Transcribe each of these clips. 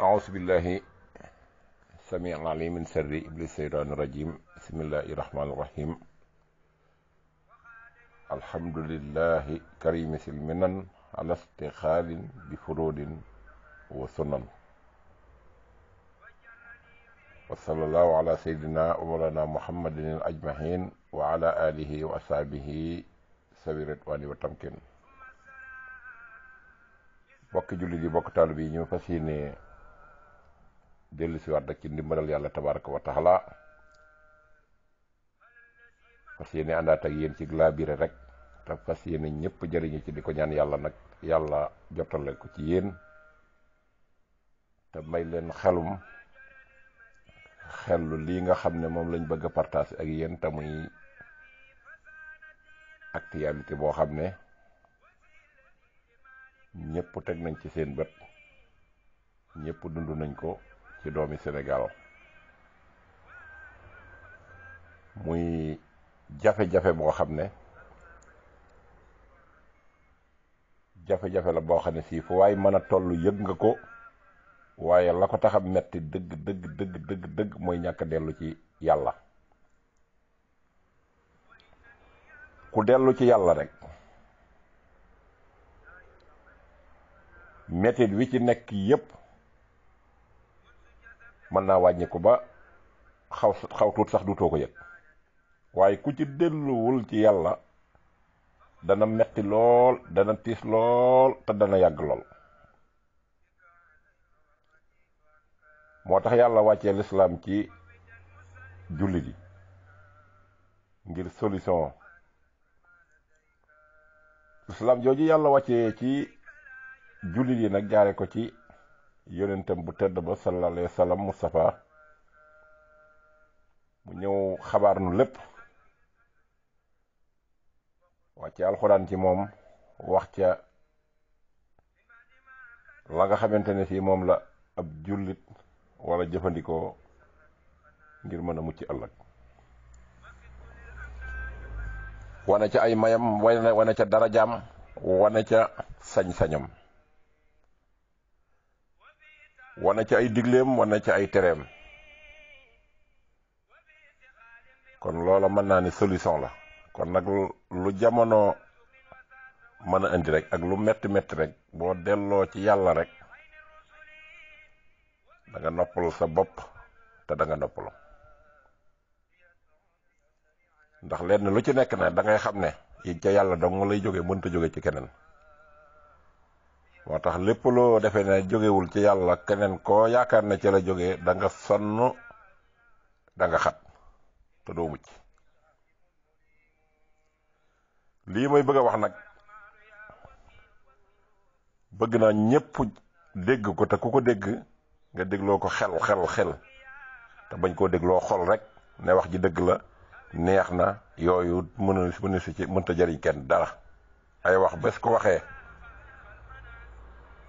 أعوذ بالله السميع العليم من شر إبليس الشيطان الرجيم بسم الله الرحمن الرحيم الحمد لله كريم المنن على استخال بفروض وسنن وصلى الله على سيدنا ومولانا محمد الأجمعين وعلى آله وأصحابه سبيل الرضوان والتمكين bokki jullit yi bokk taalibe yi ñu fas yéene dellu si waat rek ci ndimbalal yàlla tabaraka wa taala fas yéene àndaat ak yéen ci laabire rek te fas yéene ñëpp jariñu ci di ko ñaan yàlla nag yàlla jotale ko ci yéen te may leen xelum xelu lii nga xam ne moom lañ bëgg a partager ak yéen te muy actualité boo xam ne ñëpp teg nañ ci seen bët ñëpp dund nañ ko ci doomi senegaal muy jafe-jafe boo xam ne jafe-jafe la boo xam ne sii fu waay mën a toll yëg nga ko waaye la ko tax metti dëgg dëgg dëgg dëgg dëgg mooy ñàkk dellu ci yàlla ku dellu ci yàlla rek mettit wi ci nekk yépp mën naa wàññiku ba xaw xaw tuut sax duutoo ko yëg waaye ku ci delluwul ci yàlla dana metti lool dana tiis lool te dana yàgg lool moo tax yàlla wàcce lislaam ci jullit yi ngir solution lislaam jooju yàlla wàccee ci jullit yi nag jaare ko ci yonentam bu tedd ba sallallahu alayhi wa mu ñëw xabaar nu lépp wax ci alxuraan ci moom wax ca la nga xamante ne fii moom la ab jullit wala jëfandikoo ngir mën a mucc ëllëg wane ca ay mayam wane wane ca darajaam wane ca sañ-sañam wana ci ay digleem wana ci ay tereem kon loola mën naa ni solution la kon nag lu jamono mën a indi rek ak lu metti metti rek boo delloo ci yàlla rek da nga noppal sa bopp te danga nga noppalu ndax lenn lu ci nekk na da ngay xam ne ca yàlla dong lay jóge mënta jóge ci keneen moo tax lépp loo defee ne jógewul ci yàlla keneen koo yaakaar na ci la jógee da nga sonn danga xat te doo mucc lii mooy bëgg a wax nag bëgg naa ñépp dégg ko te ku ko dégg nga dégloo ko xel xel xel te bañ koo dégloo xol rek ne wax ji dégg la neex na yooyu mënu mënu si ci mënta jariñ kenn dara ay wax bés ko waxee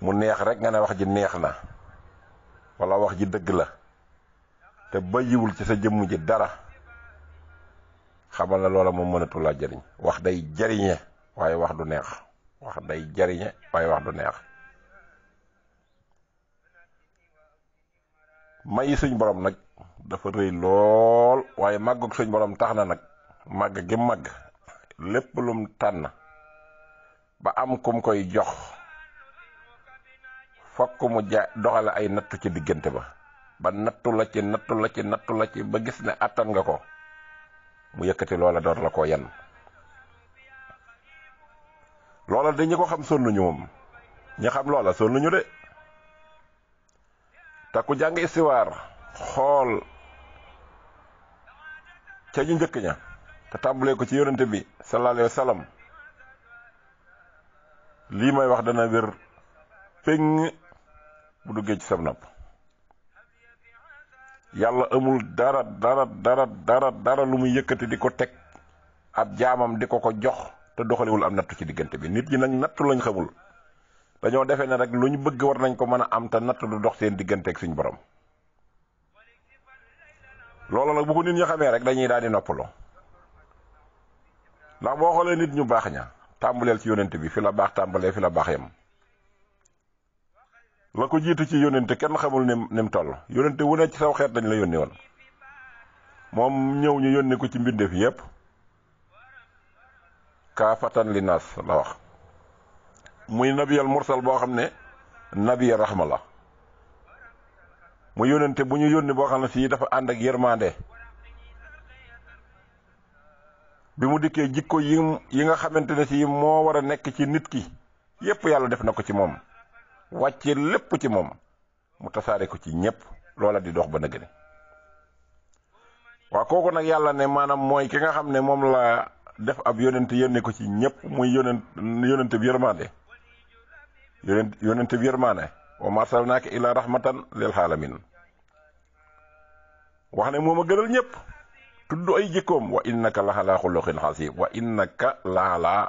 mu neex rek nga ne wax ji neex na walla wax ji dëgg la te bàyyiwul ci sa jëmm ji dara xamal na loola moom mënatul laa jëriñ wax day jariñe waaye wax du neex wax day waaye wax du neex mayi suñ borom nag dafa rëy lool waaye màggug suñ borom tax na nag màgg gi màgg lépp lum tànn ba am kum koy jox fokk mu ja doxale ay nattu ci diggante ba ba nattu la ci nattu la ci nattu la ba gis ne àttan nga ko mu yëkkati loola door la ko yan loola dañu ko xam sonnuñu moom ñi xam loola sonnuñu de te ku jàng istiwaar xool ca ñu njëkk ña te tàmbalee ko ci yonente bi sallallahu alayhi lii may wax dana wér péng bu duggee ci sab nopp yàlla amul dara dara dara dara dara lu muy yëkkati di ko teg ab jaamam di ko ko jox te doxalewul am nattu ci diggante bi nit ñi nag nattu lañ xamul dañoo defee ne rek lu ñu bëgg war nañ ko mën a am te nattu du dox seen diggante ak suñ borom loolu nag bu ko nit ñu xamee rek dañuy daal di noppaloo ndax boo xoolee nit ñu baax ña tàmbaleel ci yonent bi fi la baax tàmbalee fi la baax yam la ko jiitu ci yónnente kenn xamul ni ni mu toll yónnente wu ne ci saw xeet dañ la yónni woon moom ñëw ñu yónni ko ci mbindeef yépp kaafatan li naas la wax muy nabiyal mursal boo xam ne nabiya raxma la mu yónnente bu ñu yónni boo xam ne sii dafa ànd ak yërmande bi mu dikkee jikko yi yi nga xamante ne sii moo war a nekk ci nit ki yépp yàlla def na ko ci moom wàcce lépp ci moom mu tasaare ko ci ñépp loola di dox ba nëgg ni waa kooku nag yàlla ne maanaam mooy ki nga xam ne moom la def ab yonent yónni ko ci ñépp muy yonent yonent bi yërmande yonent yonent bi yërmande wa ma arsalnaaka illa rahmatan lil wax ne moom a gënal ñépp tudd ay jikkoom wa innaka la ala xuluqin asim la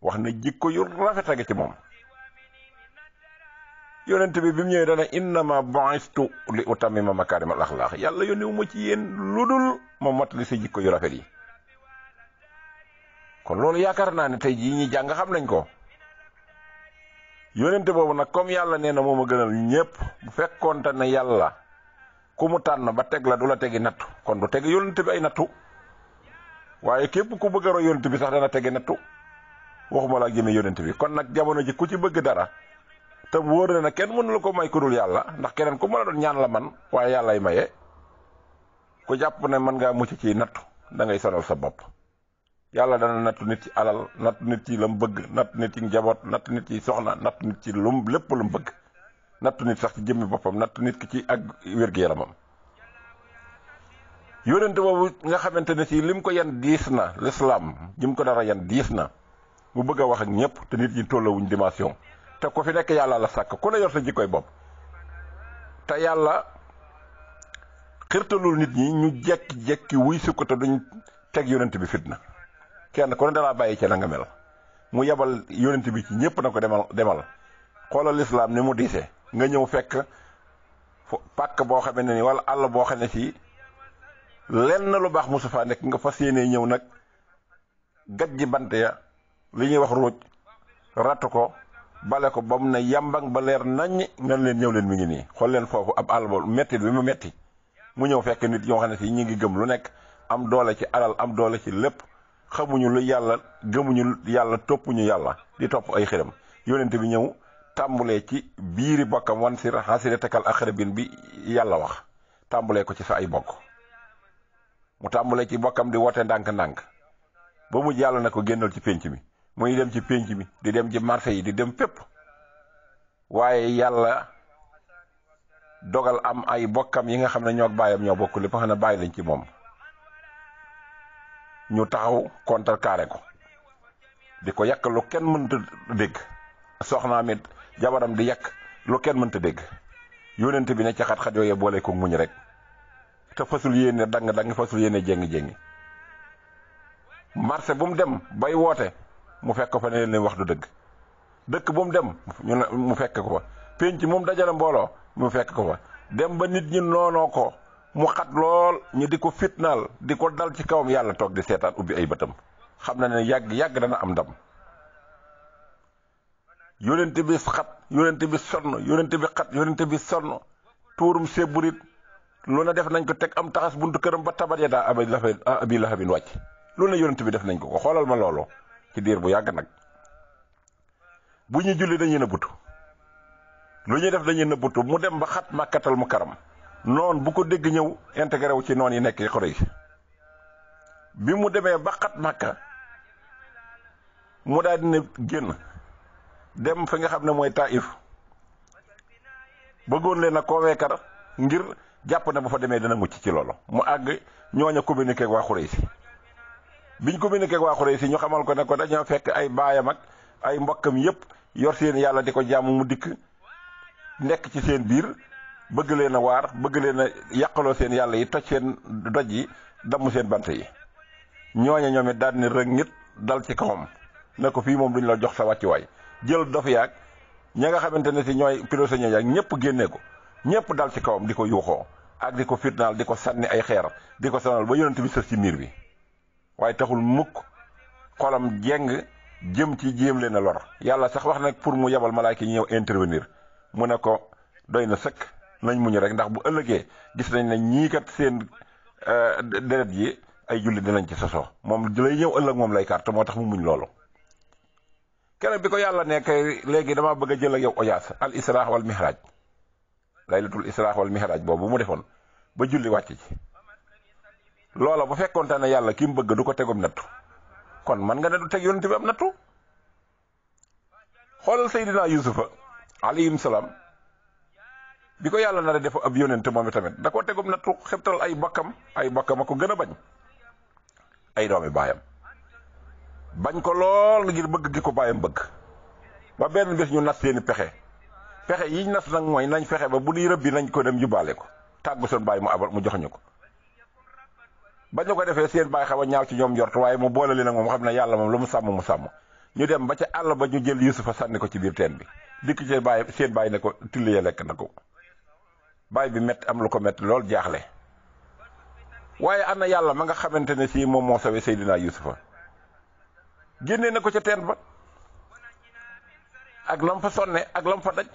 wax ne jikko yu rafet ci moom yonent bi bi mu ñëwee dana innama bu'istu li utammima makaarimal axlaaq yàlla yónnewu ma ci yéen ludul ma li sa jikko yu rafet yi kon loolu yaakaar naa ne tey jii ñi jàng xam nañ ko yonent boobu nag comme yàlla nee na moom a gënal ñépp bu fekkoonte na yàlla ku mu tànn ba teg la du la tegi nattu kon du teg yonent bi ay nattu waaye képp ku bëgg a roy yonent bi sax dana tegi nattu waxuma laa jëme yonent bi kon nag jamono ji ku ci bëgg dara te wóor na ne kenn mënu ko may ku yàlla ndax keneen ku mën a doon ñaan la man waaye yàllay maye ku jàpp na mën ngaa mucc ci nattu dangay ngay sonal sa bopp yàlla dana nattu nit ci alal nattu nit ci lam bëgg nattu nit ci njaboot nattu nit ci soxna nattu nit ci lum lépp lu bëgg nattu nit sax ci jëmmi boppam natt nit ki ci ak wir gu yaramam yónent boobu nga xamante ne si lim ko yan diis na lislaam jim ko dara yan diis na mu bëgga wax ak ñëpp te nit ñi tollawuñ dimension te ku fi nekk yàlla la sàkk ku ne yor sa jikkoy bopp te yàlla xirtalul nit ñi ñu jekki-jekki wuy sukk te duñ teg yonent bi fitna kenn ku ne dalaa bàyyi ci na nga mel mu yebal yonent bi ci ñëpp na ko demal demal xoolal lislaam ni mu diisee nga ñëw fekk pàkk boo xam ne ni walla àll boo xam ne si lenn lu baax mosu nekk nga fas yéenee ñëw nag gaj bant ya li ñuy wax ruuj ratt ko bale ko ba mu ne yambang ba leer naññ nan leen ñëw leen mi ngi nii xool leen foofu ab àll boobu bi mu metti mu ñëw fekk nit ñoo xam ne si ñi ngi gëm lu nekk am doole ci alal am doole ci lépp xamuñu lu yàlla gëmuñu yàlla toppuñu yàlla di topp ay xiram yonent bi ñëw tàmbulee ci biiri bokkam wan sir xasire tekal ak xarabin bi yàlla wax tàmbulee ko ci sa ay bokk mu tàmbulee ci bokkam di woote ndànk-ndànk ba mu yàlla na ko génnal ci pénc mi muy dem ci pénc mi di dem ci marché yi di dem fépp waaye yàlla dogal am ay bokkam yi nga xam ne ñoo baayam ñoo bokk lépp xam ne bàyyi lañ ci moom ñu taxaw contrecarré ko di ko yàq lu kenn mënta dégg soxnaam it jabaram di yàq lu kenn mënta dégg yónent bi ne ci xat-xat yooyu boole ko muñ rek te fasul yéene dang dang fasul yéene jéngi jéngi marché bu mu dem bay woote mu fekk ko fa ne leen wax du dëgg dëkk bu mu dem mu fekk ko fa pénc moom dajale mbooloo mu fekk ko fa dem ba nit ñi noonoo ko mu xat lool ñi di ko fitnaal di ko dal ci kawam yàlla toog di seetaan ubbi ay bëtam xam na ne yàgg yàgg dana am ndam yónent bi xat yónent bi sonn yónent bi xat yónent bi sonn tuurum séburit lu ne def nañ ko teg am taxas buntu këram ba tabat ya daa abi lahabin wàcc lu ne yónent bi def nañ ko ko xoolal ma loolu ci diir bu yàgg nag bu ñu julli dañuy nëbbutu lu ñuy def dañuy nëbbutu mu dem ba xat màkkatal mu karam noon bu ko dégg ñëw intégré wu ci noon yi nekk xoro bi mu demee ba xat màkka mu daal dina génn dem fi nga xam ne mooy taif bëggoon leen a koweekar ngir jàpp ne bu fa demee dina mucc ci loolu mu àgg ñooña communiqué ak waa xurey si biñ communiqué ak waa si ñu xamal ko ne ko dañoo fekk ay baayam ak ay mbokkam yépp yor seen yàlla di ko jàmm mu dikk nekk ci seen biir bëgg leen a waar bëgg leen a yàqaloo seen yàlla yi toj seen doj yi damm seen bant yi ñooña ñoom it daal ni rek nit dal ci kawam ne ko fii moom duñ la jox sa wàccuwaay jël dof yaag ña nga xamante ne si ñooy prisonniers yaag ñëpp génnee ko ñëpp dal ci kawam di ko yuuxoo ak di ko fitnaal di ko sànni ay xeer di ko sonal ba yonent bi sës miir bi waaye taxul mukk xolam jeng jëm ci jéem leen a lor yàlla sax wax nag pour mu yebal malaayka yi ñëw intervenir mu ne ko doy na sëkk nañ mu muñu rek ndax bu ëllëgee gis nañ ne ñii kat seen euh, deret yi ay julli dinañ ci sosoo moom lay ñëw ëllëg moom lay karte moo tax mu muñ loolu keneen bi ko yàlla nekk léegi dama bëgg a jël ak yow ojaas al israa wal mihraj laylatul israa wal mihraj boobu mu defoon ba julli wàcc ci loola bu fekkoonte ne yàlla ki mu bëgg du ko tegum nattu kon man nga ne du teg yonent bi am nattu xoolal Seydina Yusufa alayhim salaam bi ko yàlla na a def ab yonent moom tamit da ko tegum nattu xebtal ay bakkam ay bakkam a ko gën a bañ ay doomi baayam bañ ko lool ngir bëgg gi ko baayam bëgg ba benn bés ñu nas seeni pexe pexe yiñ nas nag mooy nañ fexe ba bu di rëbbi nañ ko dem yóbbaale ko tàggu seen baay mu abal mu jox ñu ko ba ñu ko defee seen bàyyi xaw a ñaaw ci ñoom njort waaye mu boole leen ak moom xam ne yàlla moom lu mu sàmm mu sàmm ñu dem ba ca àll ba ñu jël yusufa sànni ko ci biir teen bi dikk seen bàyyi seen bàyyi ne ko tilli ya lekk na ko bàyyi bi métti am lu ko métti lool jaaxle waaye ana yàlla ma nga xamante ne sii moom moo sawe Seydina Yusufa génne na ko ca teen ba ak lam fa sonne ak lam fa daj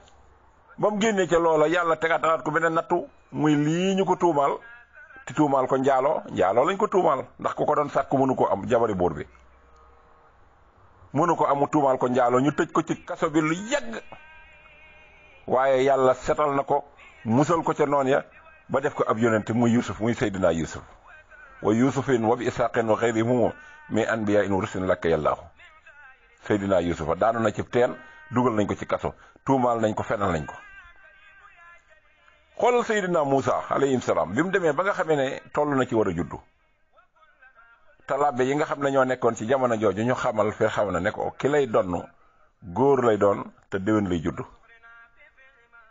ba mu génnee ca loola yàlla tegaat ko beneen nattu muy lii ñu ko tuumaal te tuumaal ko njaaloo njaaloo lañ ko tuumaal ndax ku ko doon sàkku mënu ko am jabari buur bi mënu ko amu tuumaal ko njaaloo ñu tëj ko ci kaso bi lu yàgg waaye yàlla setal na ko musal ko ca noon ya ba def ko ab yonente muy yusuf muy seydinaa yusuf wa yusufin wa bi isaqin wa xeyrihum mais anbiya in rusin lakka yàllaahu seydinaa yusufa daanu na ci teen dugal nañ ko ci kaso tuumaal nañ ko fenal nañ ko xoolal Seydina Moussa alayhi salaam bi mu demee ba nga xamee ne toll na ci war a juddu talaabe yi nga xam ne ñoo nekkoon ci jamono jooju ñu xamal fi xaw na ne ko ki lay donn góor lay doon te déwén lay juddu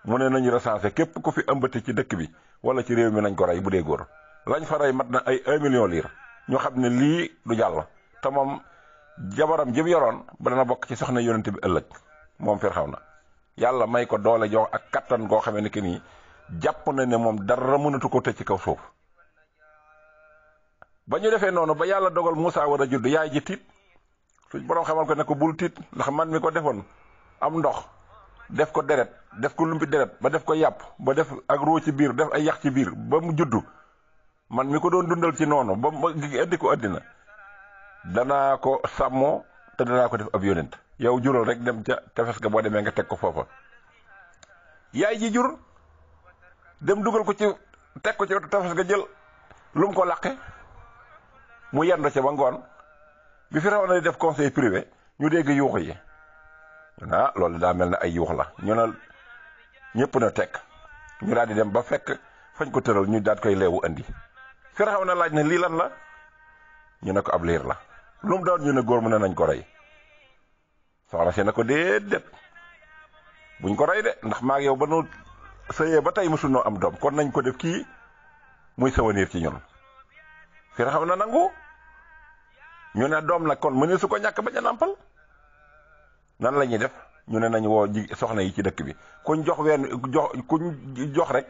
mu ne nañu recensé képp ku fi ëmbati ci dëkk bi wala ci réew mi nañ ko rey bu dee góor lañ fa rey mat na ay 1 million liir ñu xam ne lii du jàll te moom jabaram jëm yoroon ba dana bokk ci soxna yonent bi ëllëg moom fir xaw na yàlla may ko doole ak kattan goo xamee ne nii jàpp na ne moom dara mënatu ko tëj ci kaw suuf ba ñu defee noonu ba yàlla dogal Moussa war a judd yaay ji tiit suñ borom xamal ko ne ko bul tiit ndax man mi ko defoon am ndox def ko deret def ko lumpi deret ba def ko yàpp ba def ak roo ci biir def ay yax ci biir ba mu juddu man mi ko doon dundal ci noonu ba mu ma indi ko addina dana ko sàmmoo te dana ko def ab yonent yow jural rek dem ca tefes ga boo demee nga teg ko foofa yaay ji jur dem dugal ko ci teg ko ci wetu tefes ga jël lum ko laqe mu yendu ci ba ngoon bi fi rawoon na def conseil privé ñu dégg yuux yi ah loolu daa mel ne ay yuux la ñu ne ñëpp na teg ñu daal di dem ba fekk fañ ko tëral ñu daal koy leewu andi fi na laaj na lii lan la ñu ne ko ab liir la lu mu ñu ne góor mu ne nañ ko rey soxna si ne ko déedéet buñ ko rey de ndax maag yow ba nu sëyee ba tey mosul noo am doom kon nañ ko def kii muy souvenir ci ñun na nangu ñu ne doom nag kon mënee su ko ñàkk bañ a nàmpal nan lañuy def ñu ne nañu woo ji soxna yi ci dëkk bi kuñ jox ween jox kuñ jox rek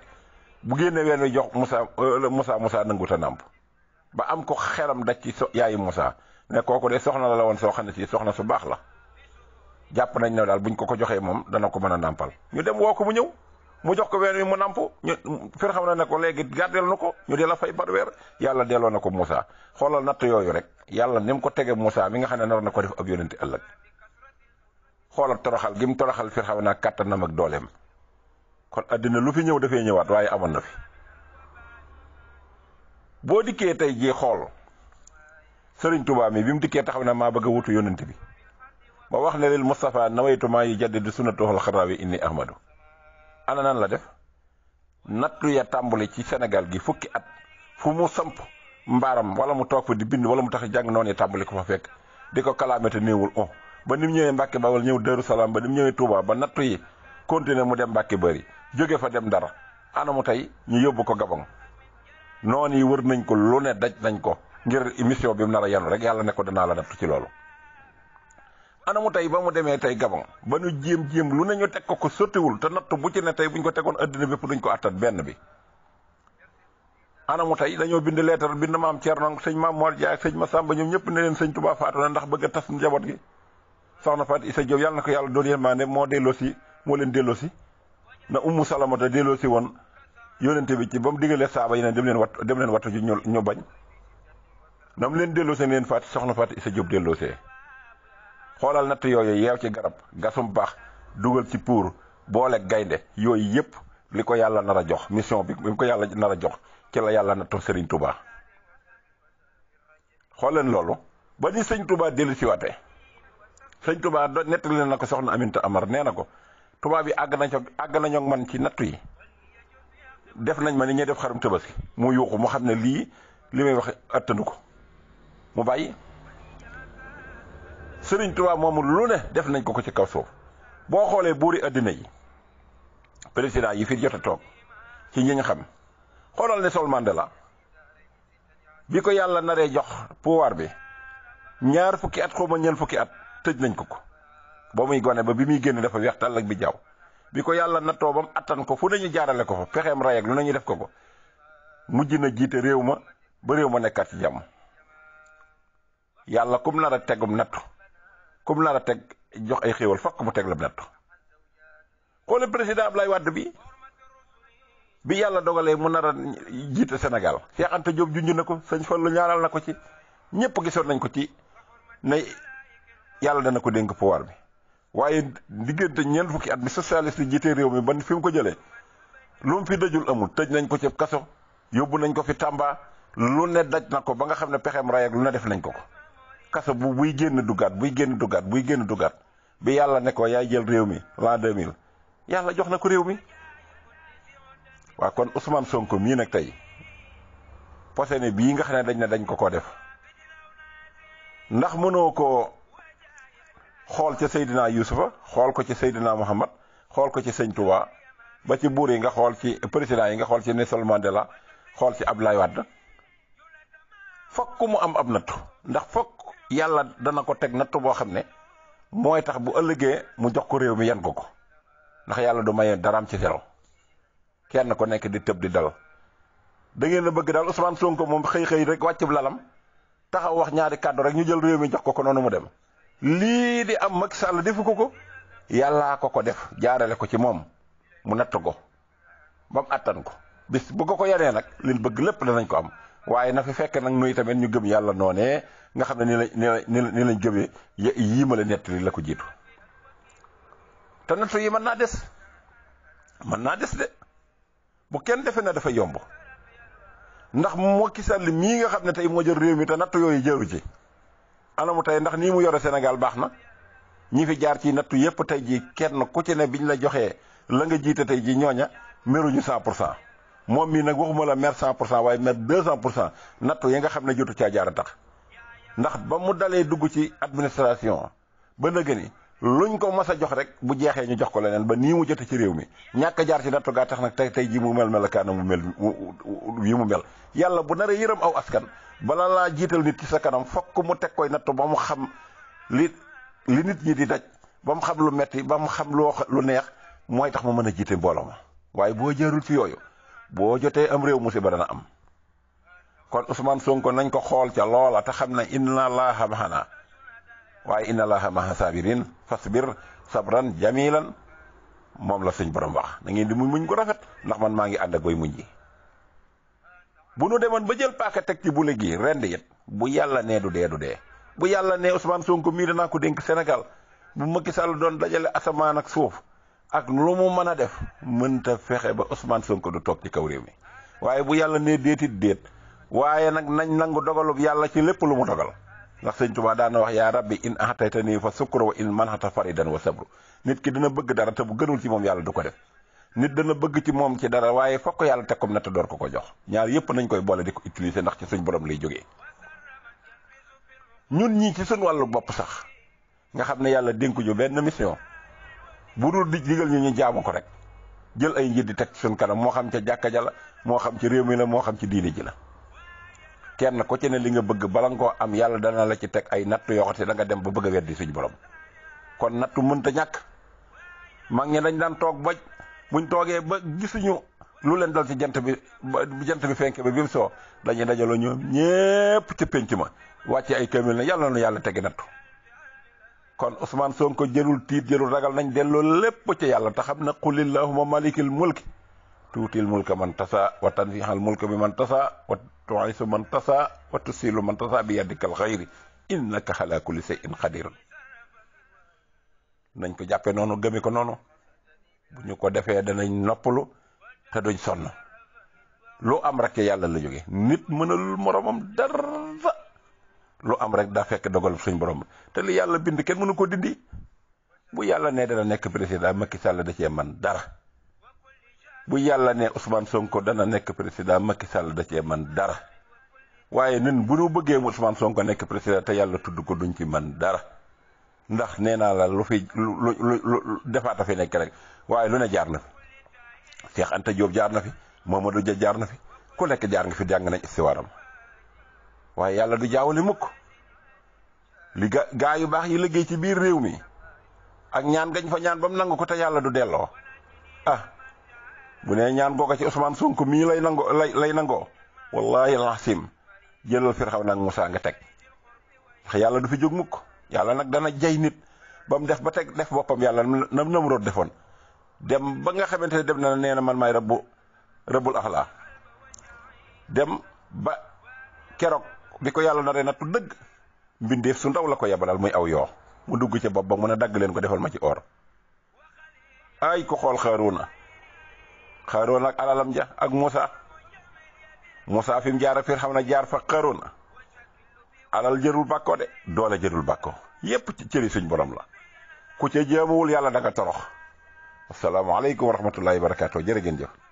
bu génne ween wi jox Moussa euh, Moussa Moussa nangu ta nàmp ba am ko xelam daj ci so yaayu Moussa ne kooku de soxna la la woon soo xam ne si soxna su baax la jàpp nañ ne daal buñ ko ko joxee moom dana ko mën a nàmpal ñu dem woo ko mu ñëw mu jox ko ween wi mu namp ñu fir xaw na ne ko léegi gàddeel na ko ñu di la fay par weer yàlla delloo na ko Moussa xoolal natt yooyu rek yàlla ni mu ko tege Moussa mi nga xam ne nar na ko def ab yónente ëllëg xoolal toroxal gi mu toroxal fir xam naa kàttanam ak dooleem kon àddina lu fi ñëw dafay ñëwaat waaye amoon na fi boo dikkee tey jii xool Sëriñ Tuubaa mi bi mu dikkee taxaw na maa bëgg a wutu yónente bi ma wax ne lil Moustapha nawaytu maa yi jaddidu sunnatahu al xaraawi inni ahmadu ana nan la def nattu ya tàmbali ci senegal gi fukki at fu mu samp mbaaram wala mu toog fa di bind wala mu tax jàng noon yi tàmbali ko fa fekk di ko kalaame te néewul on ba ni mu ñëwee Mbàkke Bawol ñëw Daaru Salaam ba ni mu ñëwee tuubaa ba nattu yi continué mu dem Mbàkke Bari jóge fa dem dara ana mu tey ñu yóbbu ko Gabon noonu yi wër nañ ko lu ne daj nañ ko ngir émission bi mu nar a yanu rek yàlla ne ko danaa la nattu ci loolu. anamu tey ba mu demee tey Gabon ba nu jéem jéem lu ne ñu teg ko ko sottiwul te natt bu ci ne tey buñ ko tegoon addina bépp duñ ko attan benn bi. anamu tey dañoo bind leetar bind maam non sëñ maam moo Dia ak ma Massamba ñoom ñëpp ne leen sëñ Touba faatu na ndax bëgg a tas njaboot gi soxna Fatou Issa Diop yàlla na ko yàlla doon yërmande moo delloosi moo leen delloosi na ummu salamata delloosi woon yónnente bi ci ba mu diggalee saaba yi ne dem leen wat dem leen wattu ji ñu bañ na mu leen delloosee leen Fatou soxna Fatou Issa Diop delloosee. xoolal natt yooyu yeew ci garab gasum baax dugal ci puur boole gaynde yooyu yépp li ko yàlla nar a jox mission bi bi ko yàlla nar a jox ci la yàlla nattoo Serigne xool leen loolu ba ni sëñ tubaa dellu si waatee sëñ Touba leen na ko soxna Aminta Amar nee na ko Touba bi àgg nañ àgg nañoo man ci nattu yi def nañ ma ni ñuy def xarum Tabaski mu yuuxu mu xam ne lii li may wax attanu ko mu bàyyi. Sëriñ Tuubaa moomu lu ne def nañ ko ko ci kaw suuf boo xoolee buuri àddina yi président yi fi jot toog ci ñi nga xam xoolal ne Nelson la bi ko yàlla naree jox pouvoir bi ñaar fukki at xaw ma ñeent fukki at tëj nañ ko ko ba muy gone ba bi muy génn dafa weex tàll ak bi jaaw bi ko yàlla nattoo bam attan ko fu nañu jaarale ko fa pexeem rayak ak lu nañu def ko ko mujj na jiite réew ma ba réew ma nekkaat ci jàmm yàlla kum nar a tegum nattu comme la la teg jox ay xéewal fokk mu teg la natt xoolal président Ablaye Wade bi bi yàlla dogalee mun nar a jiite Sénégal Cheikh Anta Diop junj na ko sëñ Fallou ñaaral na ko ci ñëpp gisoon nañ ko ci ne yàlla dana ko dénk pouvoir bi waaye diggante ñeent fukki at bi socialiste yi jiite réew mi ban fi mu ko jëlee lu mu fi dajul amul tëj nañ ko ci kaso yóbbu nañ ko fi Tamba lu ne daj na ko ba nga xam ne pexeem ray ak lu ne def nañ ko ko. kaso bu buy génn duggaat buy génn duggaat buy génn duggaat bi yàlla ne ko yaay jël réew mi l'an 2000 yàlla jox na ko réew mi waaw kon Ousmane Sonko mii nag tey posé ne bii nga xam ne dañ ne dañ ko koo def ndax mënoo ko xool ca Seydina Yuusufa xool ko ci Seydina Muhammad xool ko ci Sëñ ba ci buur yi nga xool ci président yi nga xool ci Nelson Mandela xool ci Abdoulaye Wade fokk mu am ab nattu ndax fokk yàlla dana ko teg natt boo xam ne mooy tax bu ëllëgee mu jox ko réew mi yan ko ko ndax yàlla du maye daraam ci zéro kenn ko nekk di tëb di dal da ngeen a bëgg daal Ousmane Sonko moom xëy xëy rek wàccub lalam taxaw wax ñaari kàddu rek ñu jël réew mi jox ko ko noonu mu dem lii di am Macky Sall defu ko ko yàllaa ko ko def jaarale ko ci moom mu natt ko ba mu attan ko bis bu ko ko yaree nag liñ bëgg lépp danañ ko am waaye na fi fekk nag nuy tamit ñu gëm yàlla noonee nga xam ne ni la ni la ni lañ gëmee yii ma la nettali la ko jiitu te nattu yi mën naa des mën naa des de bu kenn defe na dafa yomb ndax Macky Sall mii nga xam ne tey moo jël réew mi te nattu yooyu jëru ci mu tey ndax nii mu yore Sénégal baax na ñi fi jaar ci nattu yépp tey ji kenn ku ci ne biñ la joxee la nga jiita tey ji ñooña meruñu cent pour cent moom mii nag waxuma la mer cent pour cent waaye mer deux cent pour cent nattu yi nga xam ne jotu caa jaar a tax ndax ba mu dalee dugg ci administration ba nëgë ni luñ ko mas a jox rek bu jeexee ñu jox ko leneen ba nii mu jote ci réew mi ñàkk jaar ci nattu gaa tax nag tey tey jii mu mel melakaana mu mel yi mu mel yàlla bu naree yërëm aw askan bala laa jiital nit ci sa kanam fokk mu teg koy nattu ba mu xam li li nit ñi di daj ba mu xam lu metti ba mu xam loo lu neex mooy tax mu mën a jiite mbooloo waaye boo jaarul ci yooyu boo jotee am réew musiba dana am kon Ousmane Sonko nañ ko xool ca loola te xam ne inna laaha maxana waaye inna laaha maxa sabirin fasbir sabran jamilan moom la suñ borom wax na ngeen di mu muñ ko rafet ndax man maa ngi ànd ak koy muñ yi bu nu demoon ba jël paaka teg ci bule gi rend it bu yàlla nee du dee du dee bu yàlla nee Ousmane Sonko mii danaa ko dénk senegal bu Macky Sall doon dajale asamaan ak suuf ak lu mu mën a def mënta fexe ba Ousmane Sonko du toog ci kaw réew mi waaye bu yàlla nee déetit déet waaye nag nañ nangu dogalub yàlla ci lépp lu mu dogal ndax sëñ Tuubaa daana wax yaa rabbi in axtayta nii fa sukkur wa in manxata faridan wa sabru nit ki dana bëgg dara te bu gënul ci moom yàlla du ko def nit dana bëgg ci moom ci dara waaye fokk yàlla teg ko natt door ko ko jox ñaar yépp nañ koy boole di ko utiliser ndax ci suñ borom lay jógee ñii ci suñ wàllu bopp sax nga xam ne yàlla dénku benn mission bu dul di digal ñu ñu jaamu ko rek jël ay njit di teg suñ kanam moo xam ca jàkka ja la moo xam ci réew mi la moo xam ci diine ji la kenn ko ci ne li nga bëgg bala nga am yàlla dana la ci teg ay nattu yoo xam da nga dem ba bëgg a weddi suñu borom kon nattu mënta ñàkk mag ñi dañ daan toog ba buñ toogee ba gisuñu lu leen dal ci jant bi jant bi fenk ba bi mu soo dañuy dajaloo ñu ñépp ca pénc ma wàcce ay kamil na yàlla na yàlla tegi nattu kon Ousmane Sonko jërul tiit jërul ragal nañ delloo lépp ci yàlla te xam ne qul illahuma malikil mulki tuutil mulka man tasa wa tanfihal mulka bi man tasa wa tuisu man tasa wa tusilu man tasa bi yadikal xayri innaka ala kulli shay'in qadir nañ ko jàppee noonu gëme ko noonu bu ñu ko defee danañ noppalu te duñ sonn lu am rek yàlla la jóge nit mënalul moromam dara lu am rek daa fekk dogal suñ borom te li yàlla bind kenn mënu koo dindi bu yàlla nee dana nekk président makki sàll da cee man dara bu yàlla ne Ousmane Sonko dana nekk président Macky Sall da cee man dara waaye ñun bu ñu bëggee Ousmane Sonko nekk président te yàlla tudd ko duñ ci man dara ndax nee naa la lu fi lu lu lu defaata fi nekk rek waaye lu ne jaar na fi Cheikh Anta Diop jaar na fi Mamadou Dia jaar na fi ku nekk jaar nga fi jàng nañ istiwaaram waaye yàlla du jaawale mukk li gaa yu baax yi liggéey ci biir réew mi ak ñaan gañ fa ñaan ba mu nangu ko te yàlla du delloo ah bu nee ñaan googa ci Ousmane Sonko mii lay nango lay lay nangoo wallahi laxsim jëlal Firxaw nag Musaa nga teg ndax yàlla du fi jóg mukk yàlla nag dana jay nit ba mu def ba teg def boppam yàlla na nam Namrood defoon dem ba nga xamante ne dem na nee na man maay rabbu rabbul axlaa dem ba keroog bi ko yàlla naree nattu dëgg mbindeef su ndaw la ko yebalal muy aw yoo mu dugg ca bopp ba mu ne dagg leen ko defal ma ci or ay ko xool xaaroona xaaroona ak alalam ja ak Moussa Moussa fi mu jaar ak xam na jaar fa xaaroona alal jërul bàkkoo de doole jërul bàkkoo yépp ci cëri suñ borom la ku ca jéemawul yàlla da nga torox asalaamaaleykum wa rahmatullahi wa barakaatu jërë ngeen jëf